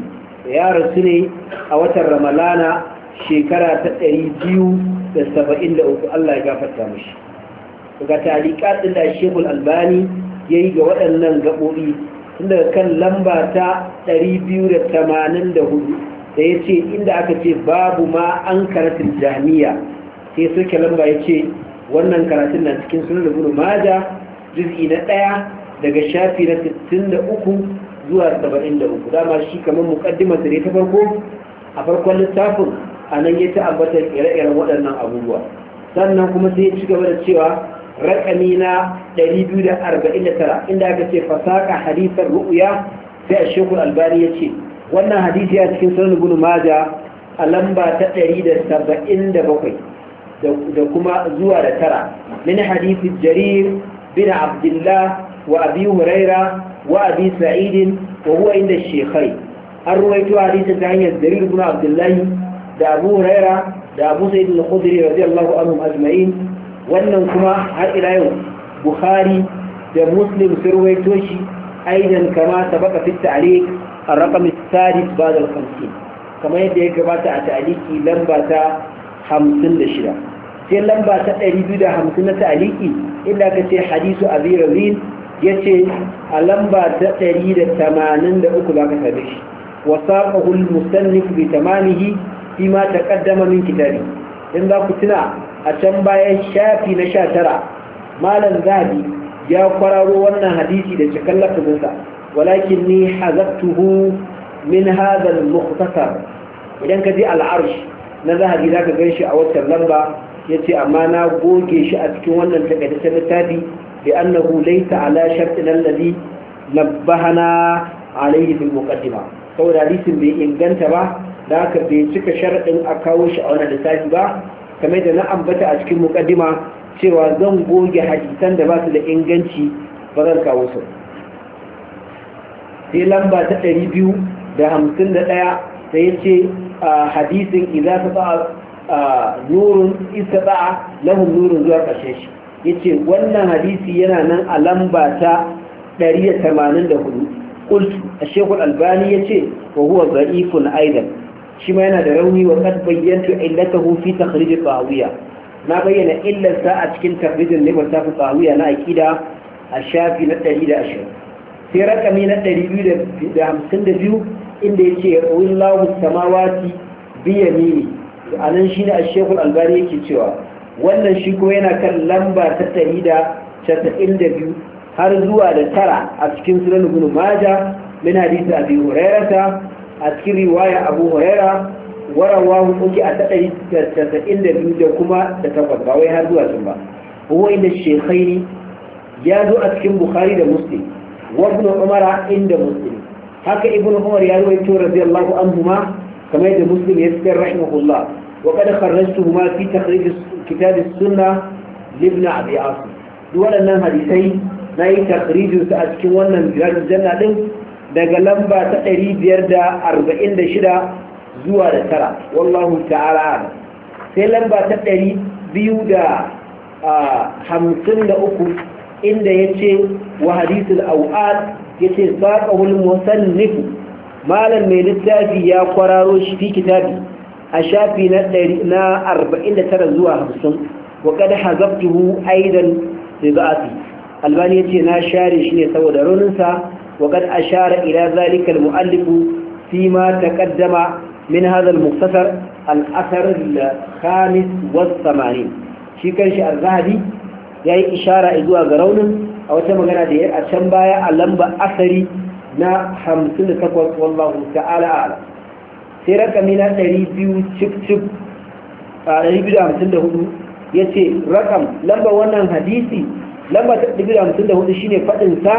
ya rasu ne a watan ramalana shekara ta 273 Allah ya gafarta mishi daga talikat da Sheikhul Albani ya yi ga waɗannan gaɓoɓi tun daga kan lamba ta 284 da ya ce inda aka ce babu ma an karatun jami'a sai suke lamba ya ce wannan karatun na cikin sunan da gudu maja juz'i na ɗaya daga shafi na 63 zuwa 73 dama shi kamar mukaddimar da ta farko a farkon littafin a nan ya ta ambata ire-iren waɗannan abubuwa sannan kuma sai ya ci gaba da cewa rakami na 249 inda aka ce fasaka hadisar ru'uya sai a shekul albani ya ce wannan hadisi a cikin sanar ibn maja a lamba ta 177 da kuma zuwa da tara min hadisi jarir bin abdullah wa abi huraira wa abi sa'id wa huwa inda shekhai an ruwaito hadisi ta hanyar jarir bin abdullah da abu huraira da abu saidin al-khudri radiyallahu anhum ajma'in wannan kuma har ila yau bukhari da muslim sun ruwaito shi aidan kama sabaka fi ta'liq ar-raqam as-sadis ba'd al-50 kamar yadda ya gabata a ta'aliki lamba ta hamsin da shida sai lamba ta ɗari biyu da hamsin na ta'liqi illa kace hadisu abi ya ce a lamba ta ɗari da da tamanin uku 183 zaka same shi wasaqahu al-musannif bi tamamihi fima taqaddama min kitabi in za ku tuna a can bayan shafi na sha tara malam zabi ya kwararo wannan hadisi da cikin lafazinsa walakin ni hazabtuhu min hadha al idan ka ji al na zahabi zaka gan shi a watan lamba yace amma na goge shi a cikin wannan takaitaccen littafi bi annahu laysa ala shartin alladhi nabbahana alayhi bil muqaddima saboda hadisin bai inganta ba da haka bai cika sharadin a kawo shi a wannan littafi ba kamar da na ambata a cikin mukaddima cewa zan goge hadisan da ba su da inganci ba zan kawo su sai lamba ta ɗari biyu da hamsin da ɗaya sai ya ce hadisin idan ta ba nurun isa ba lahun nurun zuwa ƙashe shi ya ce wannan hadisi yana nan a lamba ta 184 ƙultu a shekul albani ya ce wa huwa za'ifun aidan shi ma yana da rauni wa kad bayyantu illatahu fi takhrij qawiya na bayyana illar sa a cikin takrijin ne ta fi qawiya na aqida a shafi na 120 sai rakami na 252 inda yace wallahu samawati bi yamini anan shine al-shaykhul albani yake cewa wannan shi ko yana kan lamba ta 192 har zuwa da tara a cikin sunan ibn majah min hadisi abi hurairah a cikin riwaya abu huraira warawa uki a taɗari tasa'in da biyu da kuma da takwas ba wai har zuwa sun ba huwa inda ne ya zo a cikin bukhari da muslim wa ibn inda muslim haka ibn umar ya rawaito radiyallahu anhuma kamar yadda muslim ya fitar rahimahullah wa kad kharrajtuhuma fi takhrij kitab as-sunnah abi asim duk waɗannan hadisai na yi takrijinsu a cikin wannan jirajin janna ɗin daga lamba ta 546 zuwa da tara wallahu ta'ala sai lamba ta 253 inda ya ce wa hadisul au'ad ya ce saƙahul musannif malam mai littafi ya kwararo shi fi kitabi a shafi na 49 zuwa 50 wa kada hazabtuhu aidan da za'afi albani ya ce na share shi ne saboda rauninsa وقد أشار إلى ذلك المؤلف فيما تقدم من هذا المختصر الأثر الخامس والثمانين shi kanshi al-zahabi ya yi ishara zuwa ga raunin a wata magana da ya a can baya a lamba asari na 58 wallahu sai rakami na 200 ya ce rakam lamba wannan hadisi lamba shine faɗinsa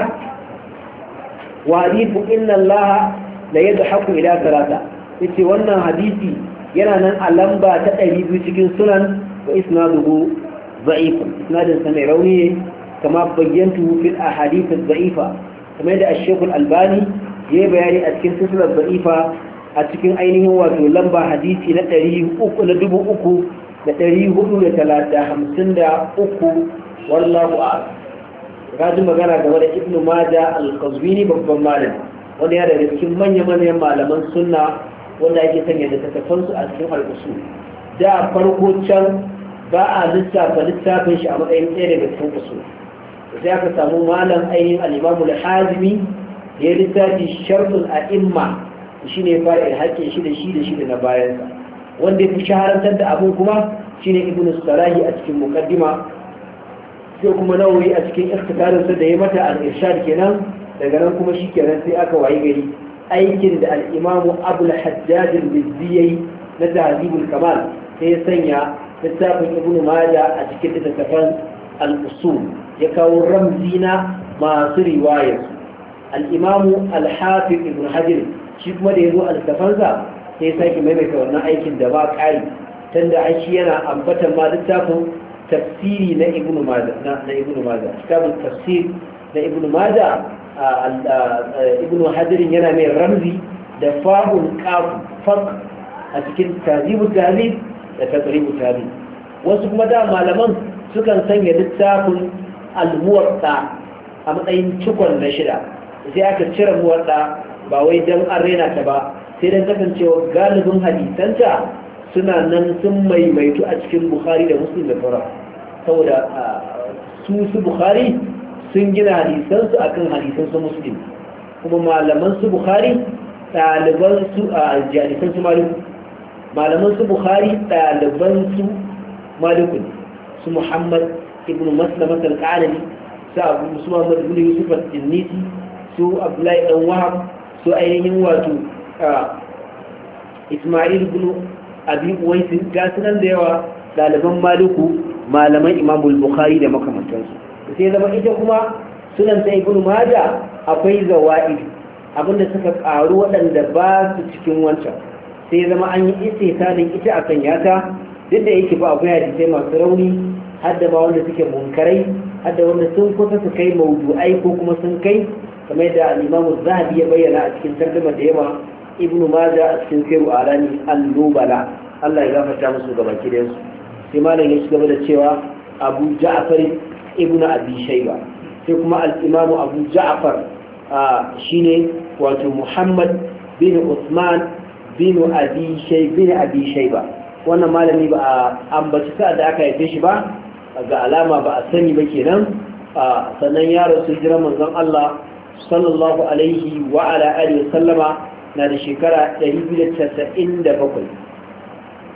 wa hadithu inna allaha la yadhaku ila salata yace wannan hadisi yana nan a lamba ta 200 cikin sunan wa isnaduhu da'ifun isnadin sa mai rauni ne kama bayyantu fil ahadith ad-da'ifa kamar da ash al-albani yayi bayani a cikin silsilar da'ifa a cikin ainihin wato lamba hadisi na 300 na 3000 da 453 wallahu a'lam ka ji magana game da ibnu maja al-qazwini babban malami wanda ya daga cikin manya manyan malaman sunna wanda ake sanya da takafansu a cikin al-usul da farko can ba a lissafa littafin shi a matsayin ɗaya daga cikin usul sai aka samu malam ainihin al-imamu al-hazimi ya littafi shartul a'imma shine fara ilhaƙin shi da shi da shi da na bayansa wanda ya fi shaharantar da abin kuma shine ibnu sarahi a cikin muqaddima sai kuma nawawi a cikin ikhtisarinsa da ya mata al-irshad kenan daga nan kuma shi kenan sai aka wayi gari aikin da al-imamu abul hajjaj al-bizzi na tahzibul kamal sai ya sanya littafin ibn majah a cikin littattafan al-usul ya kawo ramzi na masu riwaya. al-imamu al-hafiz ibn hajar shi kuma da ya zo a littafansa sai ya sake maimaita wannan aikin da ba ƙari tunda an shi yana ambatan ma littafin tafsiri na ibn maza na ibn maza tafsir na ibn maza ibn hadirin yana mai ramzi da fahun kafu fak a cikin tazibu tazib da taqribu tazib wasu kuma da malaman sukan sanya littafin almuwatta a matsayin cikon na shida sai aka cire muwatta ba wai dan an ta ba sai dan kasancewa galibin hadisanta suna nan sun maimaitu a cikin bukhari da muslim da sauran saboda su su bukhari sun gina hadisansu akan hadisansu muslim kuma malaman su bukhari ɗaliban su a hadisansu maliku malaman su bukhari ɗaliban su maliku su muhammad ibn maslama al su abu muhammad ibn yusuf al-jinnisi su abdullahi dan wahab su ainihin wato ismail ibn abi waisin ga da yawa ɗaliban maliku malaman imamul bukhari da makamantansu sai zama ita kuma sunan ta ibn maja akwai zawa'id abinda suka karu waɗanda ba su cikin wancan sai zama an yi sanin ita akan yata duk da yake ba akwai hadisai masu rauni har da ba wanda suke munkarai har da wanda sun kusa su kai maudu'ai ko kuma sun kai kamar da al'imamu zahabi ya bayyana a cikin tarjumar da yawa ibnu maja a cikin kai alani al lubala Allah ya gafarta musu ga baki su sai malam ya shiga da cewa abu ja'far ibnu abi shayba sai kuma al-imam abu ja'far shine wato muhammad bin usman bin abi shayba bin abi shayba wannan malami ba a ambaci sa da aka haife shi ba ga alama ba a sani ba kenan sannan ya rasu jiran manzon Allah sallallahu alaihi wa ala alihi sallama na da shekara da casa'in 297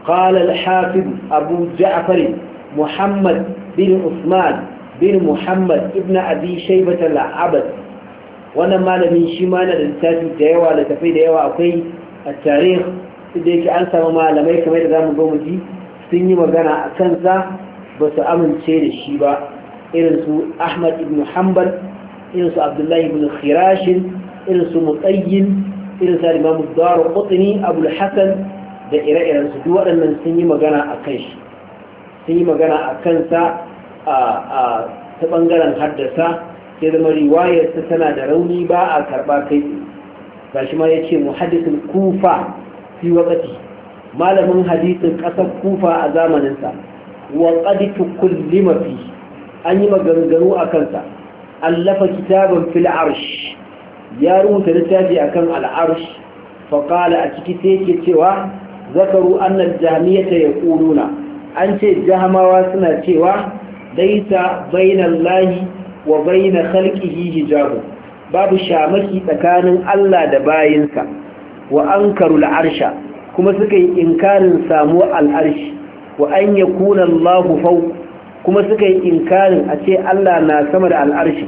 ƙala al-hafiz abu ja'afari muhammad bin usman bin muhammad ibn abi shaibata al-abad wannan malamin shi ma na da littafi da yawa da tafi da yawa akwai a tarih da yake an samu malamai kamar da zamu gomu ji sun yi magana a kansa ba su amince da shi ba irin su ahmad ibn muhammad irin su abdullahi ibn khirashin irin su mutsayyin irin sa imamu daru qutni abul hasan da ire-iren su duk waɗannan sun yi magana a kan shi sun yi magana a kansa a ta ɓangaren haddasa sai zama riwayarsa tana da rauni ba a karɓa kai ga shi ma ya ce muhaddisin kufa fi wakati malamin hadisin ƙasar kufa a zamaninsa wa ƙaditu kulli mafi an yi maganganu a kansa allafa kitaban fil arsh ya rubuta littafi akan al'arsh fa a ciki sai yake cewa zakaru annal jahmiyata yaquluna an ce jahmawa suna cewa bainan lahi wa bain khalqihi hijabu babu shamaki tsakanin Allah da bayinsa wa ankaru al'arsha kuma suka yi inkarin samu al'arshi wa an yakuna Allahu fawqa kuma suka yi inkarin a ce Allah na sama da al'arshi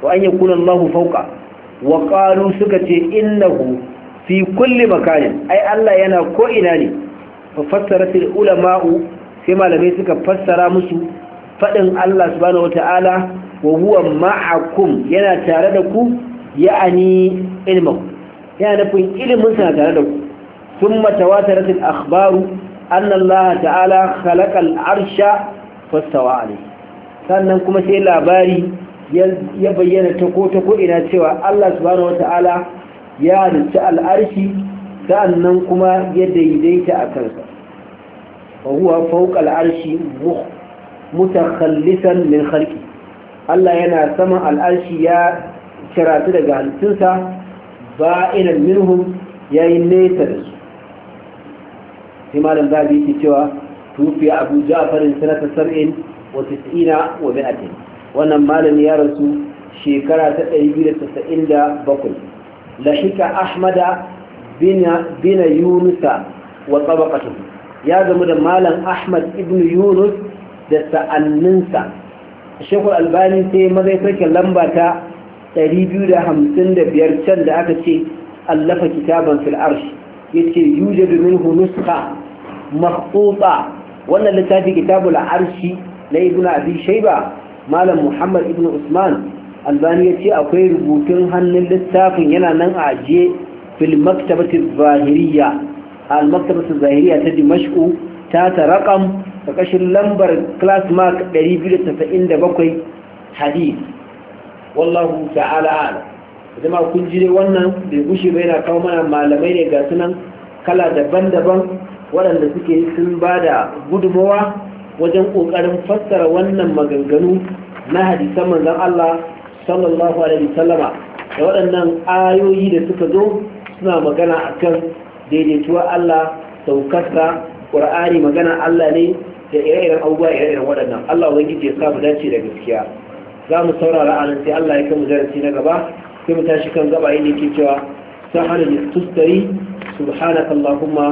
wa an yakuna Allahu fawqa wa suka ce innahu fi kulli makanin ai Allah yana ko ina ne fa fassaratil ulama'u sai malamai suka fassara musu fadin Allah subhanahu wata'ala wa huwa ma'akum yana tare da ku ya'ani ilmuhu yana nufin ilimin sa tare da ku thumma tawataratil akhbaru anna Allah ta'ala khalaqa al-arsha fastawa alayhi sannan kuma sai labari ya bayyana ta ko ta ko'ina cewa Allah subhanahu ta'ala ya halitta al'arshi sa'annan kuma ya daidaita a kansa wa huwa fawqa al'arshi mutakhallisan min harki, Allah yana saman al'arshi ya kiratu daga halittunsa ba'inan minhum yi nesa da su sai malam zabi yake cewa tufi abu ja'farin sanata sab'in wa tis'ina wa mi'atin wannan malami ya rasu shekara ta 297 lahika ahmada bina yunusa wa tabaqatu ya gamu da malam ahmad ibn yunus da sa'anninsa shekul albani sai mazai sarki lamba ta 255 can da aka ce allafa kitaban fil yake yace domin minhu nuskha wannan littafi kitabul arshi na ibn abi shayba malam muhammad ibn usman albani ya ce akwai rubutun hannun littafin yana nan a ajiye fil zahiriya al zahiriya ta dimashku ta ta raƙam kashin lambar class mark 297 hadith wallahu ta'ala ala ma kun jire wannan bai gushe bai na kawo mana malamai ne ga sunan kala daban-daban waɗanda suke sun ba da gudunmawa wajen ƙoƙarin fassara wannan maganganu na hadisan manzan Allah sallallahu alaihi wasallama da waɗannan ayoyi da suka zo suna magana akan daidaituwar Allah saukarsa ƙur'ani magana Allah ne da ire-iren abubuwa ire-iren waɗannan Allah wani ya sa mu dace da gaskiya za mu saurara anan sai Allah ya kai mu darasi na gaba sai mu tashi kan gaba inda yake cewa sahara tustari subhanakallahumma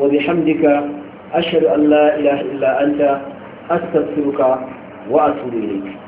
wa bihamdika ashhadu an la ila illa anta astaghfiruka wa atubu ilayk